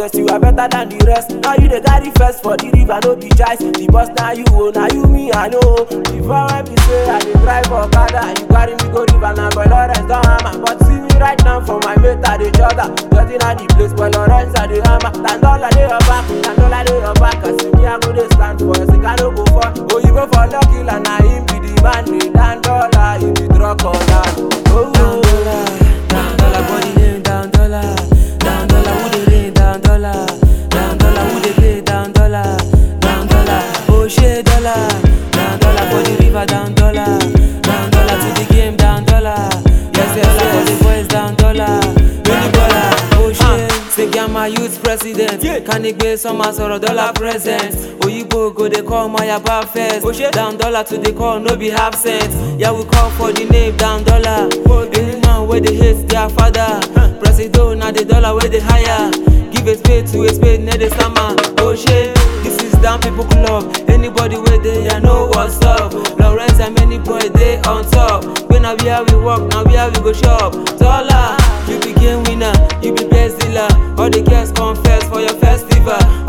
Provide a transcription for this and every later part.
contest you are better than the rest now you dey carry first for the river no be choice the boss now you o oh, Now you me i know before when be say i dey drive okada you carry me go river na boy lawrence don hammer but see me right now for my mate i dey jota getting at the place boy lawrence i dey hammer tandola dey your back tandola dey your back Cause you me i go dey stand for your sika no go fall oyibo for love. my youth president can some sọma sọrọ dollar present oyibo go they call my yaba first oh, down dollar to the call no be half absent yeah we call for the name down dollar Any man where they hate their father president oh, na the dollar where they hire. give a spade to a spade near the summer. Oh shit, this is down people club anybody where they here know what's up lawrence and many boy they on top wey na where we work na where we go shop dollar you be game winner you be best dealer.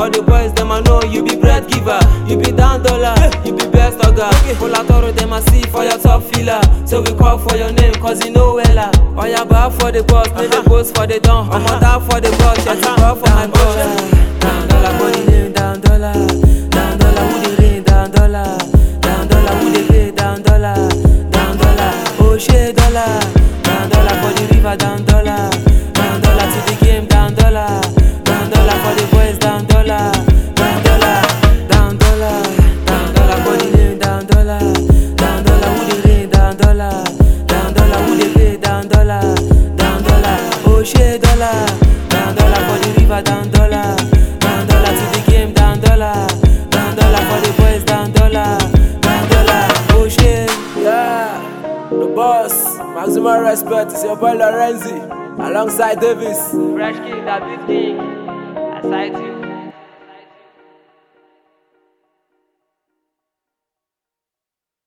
All the boys them I know you be bread giver, you be down dollar, you be best ogre. Full of them I see for your top filler, so we call for your name cause you know wella. Oya bar for the boss, make the post uh-huh. for the don, I'm on uh-huh. for the boss, yeah, uh -huh. for my boss. Uh-huh. d'un dollar, who they pay? dollar, down dollar. Oh shit, dollar, down dollar river. d'un dollar, d'un dollar to the game. dollar, d'un dollar pour les boys. d'un dollar, d'un dollar. yeah. The boss, maximum respect. c'est your boy Lorenzi, alongside Davis. Fresh King, David King, aside you.